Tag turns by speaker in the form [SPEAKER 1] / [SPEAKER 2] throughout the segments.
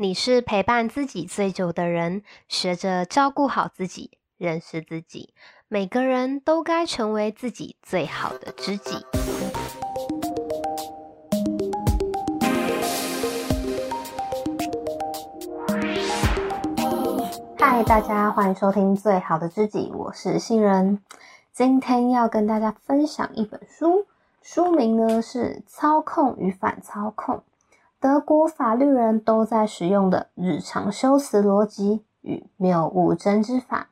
[SPEAKER 1] 你是陪伴自己最久的人，學着照顧好自己，認識自己。每個人都該成為自己最好的知己。嗨，大家歡迎收聽《最好的知己》，我是杏仁，今天要跟大家分享一本書，書名呢是《操控與反操控》。德國法律人都在使用的日常修辭邏輯與謬誤偵知法，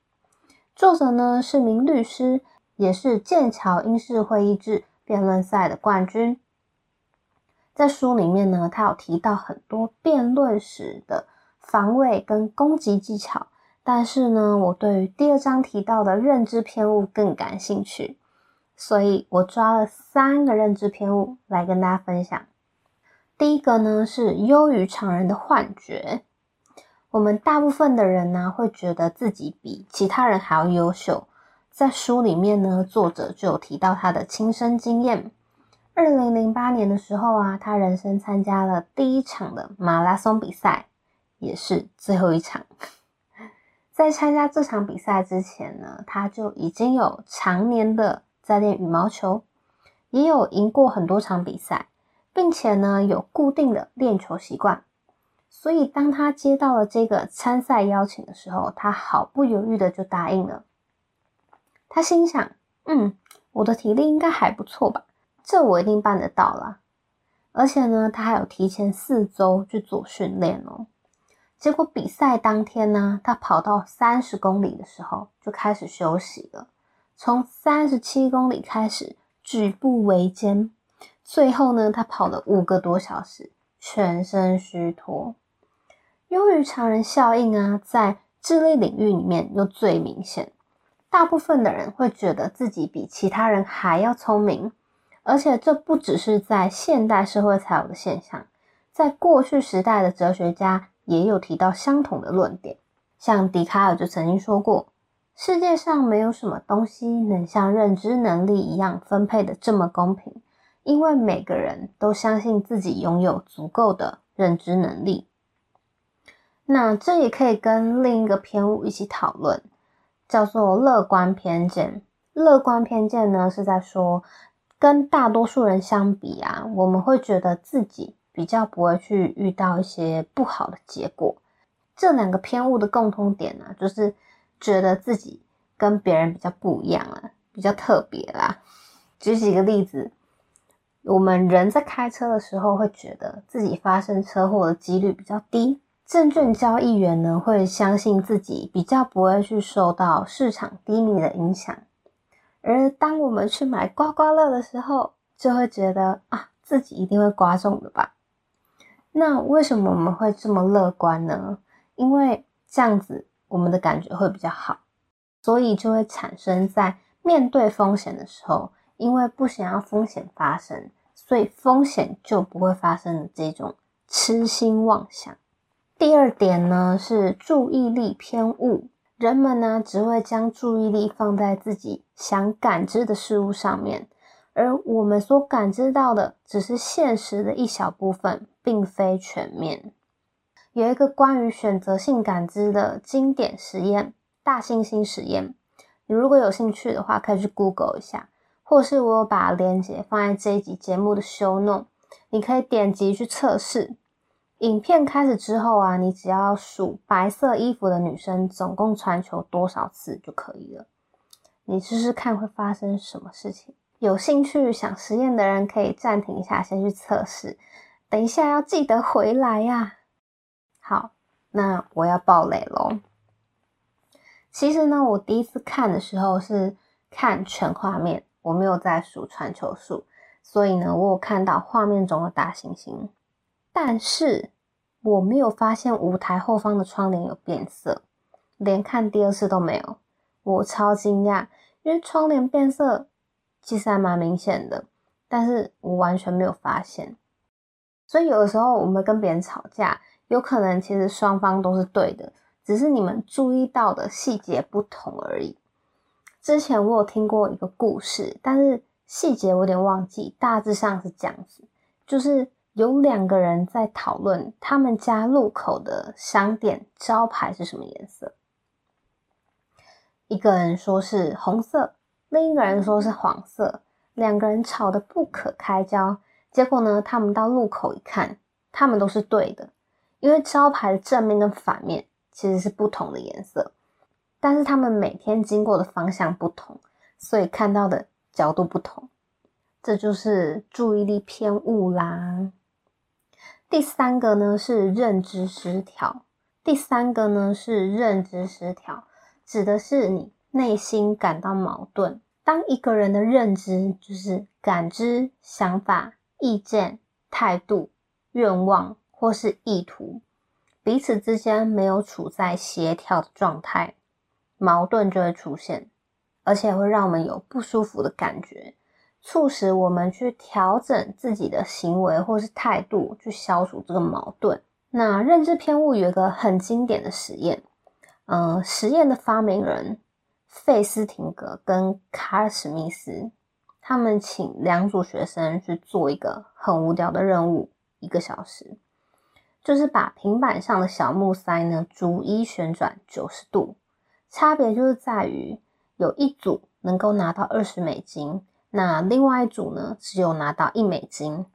[SPEAKER 1] 作者呢是名律師，也是劍橋英式會議制辯論賽的冠軍。在書裡面呢，他有提到很多辯論時的防衛跟攻擊技巧，但是呢，我對於第二章提到的認知偏誤更感興趣，所以我抓了三個認知偏誤來跟大家分享。第一個呢是優於常人的幻覺。我們大部分的人呢會覺得自己比其他人還要優秀。在書裡面呢，作者就有提到他的親身經驗。2008年的時候啊，他人生參加了第一場的馬拉松比賽，也是最後一場。在參加這場比賽之前呢，他就已經有常年的在練羽毛球，也有贏過很多場比賽。並且呢，有固定的練球習慣，所以當他接到了這個參賽邀請的時候，他毫不猶豫的就答應了。他心想：“嗯，我的體力應該還不錯吧？這我一定辦得到啦。”而且呢，他還有提前四周去做訓練哦。結果比賽當天呢，他跑到三十公里的時候就開始休息了，從三十七公里開始舉步維艱。最後呢，他跑了五個多小時，全身虛脫。優於常人效應啊，在智力領域裡面又最明顯。大部分的人會覺得自己比其他人還要聰明，而且這不只是在現代社會才有的現象，在過去時代的哲學家也有提到相同的論點。像笛卡爾就曾經說過：“世界上沒有什麼東西能像認知能力一樣分配的這麼公平。”因為每個人都相信自己擁有足夠的認知能力，那這也可以跟另一個偏誤一起討論，叫做樂觀偏見。樂觀偏見呢，是在說，跟大多數人相比啊，我們會覺得自己比較不會去遇到一些不好的結果。這兩個偏誤的共通點呢、啊，就是覺得自己跟別人比較不一樣了、啊，比較特別啦。舉幾個例子。我們人在開車的時候會覺得自己發生車禍的幾率比較低，證券交易員呢，會相信自己比較不會去受到市場低迷的影響，而當我們去買刮刮樂的時候，就會覺得啊，自己一定會刮中的吧。那為什麼我們會這麼樂觀呢？因為這樣子我們的感覺會比較好，所以就會產生在面對風險的時候。因為不想要風險發生，所以風險就不會發生這種痴心妄想。第二點呢是注意力偏誤，人們呢只會將注意力放在自己想感知的事物上面，而我們所感知到的只是現實的一小部分，並非全面。有一個關於選擇性感知的經典實驗——大猩猩實驗，你如果有興趣的話，可以去 Google 一下。或是我有把鏈接放在這一集節目的 show note，你可以點擊去測試。影片開始之後啊，你只要數白色衣服的女生總共傳球多少次就可以了。你試試看會發生什麼事情？有興趣想實驗的人可以暫停一下，先去測試。等一下要記得回來呀、啊。好，那我要爆雷嘍。其實呢，我第一次看的時候是看全畫面。我沒有在數傳球數，所以呢，我有看到畫面中的大猩猩，但是我沒有發現舞台後方的窗簾有變色，連看第二次都沒有。我超驚訝，因為窗簾變色其實還蠻明顯的，但是我完全沒有發現。所以有的時候我們會跟別人吵架，有可能其實雙方都是對的，只是你們注意到的細節不同而已。之前我有聽過一個故事，但是細節我有點忘記，大致上是這樣子：就是有兩個人在討論他們家路口的商店招牌是什麼顏色，一個人說是紅色，另一個人說是黃色，兩個人吵得不可開交。結果呢，他們到路口一看，他們都是對的，因為招牌的正面跟反面其實是不同的顏色。但是他們每天經過的方向不同，所以看到的角度不同，這就是注意力偏誤啦。第三個呢是認知失調。第三個呢是認知失調，指的是你內心感到矛盾。當一個人的認知就是感知、想法、意見、態度、願望或是意圖，彼此之間沒有處在協調的狀態。矛盾就會出現，而且會讓我們有不舒服的感覺，促使我們去調整自己的行為或是態度，去消除這個矛盾。那認知偏誤有一個很經典的實驗，嗯、呃，實驗的發明人費斯廷格跟卡爾史密斯，他們請兩組學生去做一個很無聊的任務，一個小時，就是把平板上的小木塞呢，逐一旋轉九十度。差別就是在於有一組能夠拿到二十美金，那另外一組呢，只有拿到一美金。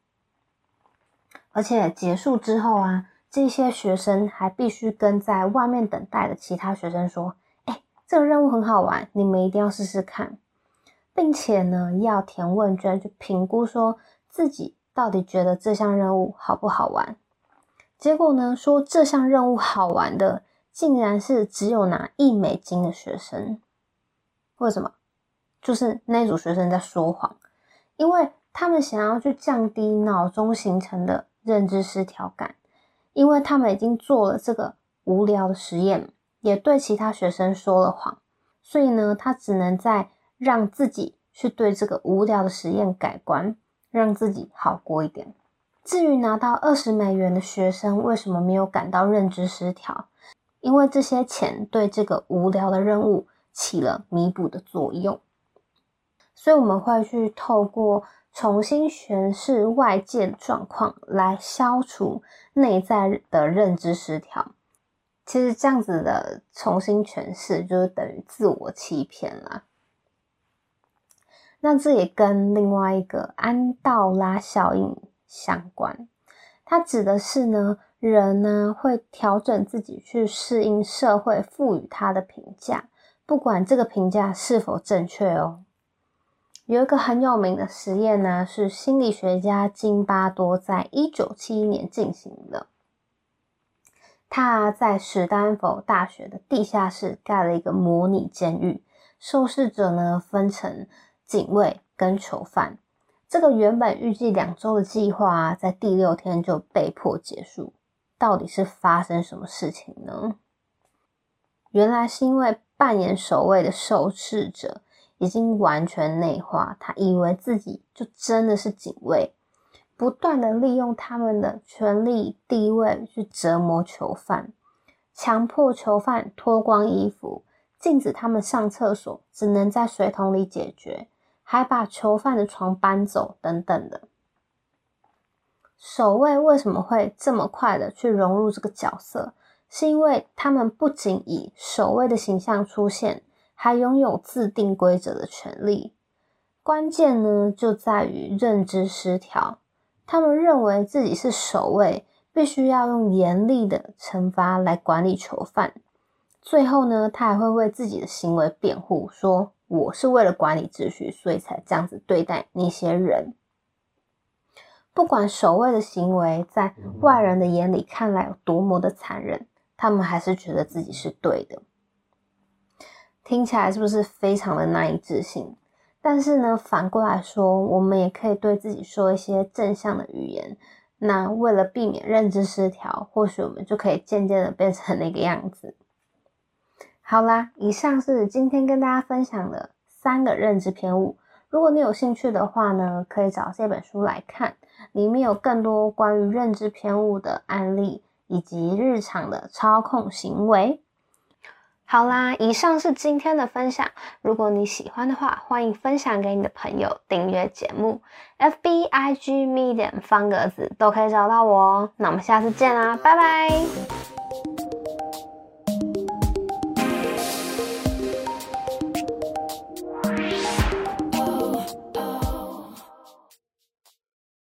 [SPEAKER 1] 而且結束之後啊，這些學生還必須跟在外面等待的其他學生說：“哎、欸，這個任務很好玩，你們一定要試試看。”並且呢，要填問卷去評估說自己到底覺得這項任務好不好玩。結果呢，說這項任務好玩的。竟然是只有拿一美金的學生，為什麼？就是那一組學生在說謊，因為他們想要去降低腦中形成的認知失調感，因為他們已經做了這個無聊的實驗，也對其他學生說了謊，所以呢，他只能再讓自己去對這個無聊的實驗改觀，讓自己好過一點。至於拿到二十美元的學生為什麼沒有感到認知失調？因為這些錢對這個無聊的任務起了彌補的作用，所以我們會去透過重新詮釋外界狀況來消除內在的認知失調。其實這樣子的重新詮釋就是等於自我欺騙啦。那這也跟另外一個安道拉效應相關，它指的是呢。人呢會調整自己去適應社會賦予他的評價，不管這個評價是否正確哦。有一個很有名的實驗呢，是心理學家金巴多在一九七一年進行的。他在史丹佛大學的地下室蓋了一個模擬監獄，受試者呢分成警衛跟囚犯。這個原本預計兩周的計劃啊，在第六天就被迫結束。到底是發生什麼事情呢？原來是因為扮演守衛的受試者已經完全內化，他以為自己就真的是警衛，不斷的利用他們的權力地位去折磨囚犯，強迫囚犯脫光衣服，禁止他們上廁所，只能在水桶裡解決，還把囚犯的床搬走等等的。守衛為什麼會這麼快的去融入這個角色？是因為他們不僅以守衛的形象出現，還擁有制定規則的權利。關鍵呢就在於認知失調。他們認為自己是守衛，必須要用嚴厲的懲罰來管理囚犯。最後呢，他還會為自己的行為辯護，說我是為了管理秩序，所以才這樣子對待那些人。不管守衛的行為在外人的眼裡看來有多麼的殘忍，他們還是覺得自己是對的。聽起來是不是非常的難以置信？但是呢，反過來說，我們也可以對自己說一些正向的語言。那為了避免認知失調，或許我們就可以漸漸的變成那個樣子。好啦，以上是今天跟大家分享的三個認知偏誤。如果你有興趣的話呢，可以找這本書來看。裡面有更多關於認知偏誤的案例，以及日常的操控行為。好啦，以上是今天的分享。如果你喜歡的話，歡迎分享給你的朋友，訂閱節目，FB IG Medium 方格子都可以找到我哦、喔。那我們下次見啦，拜拜。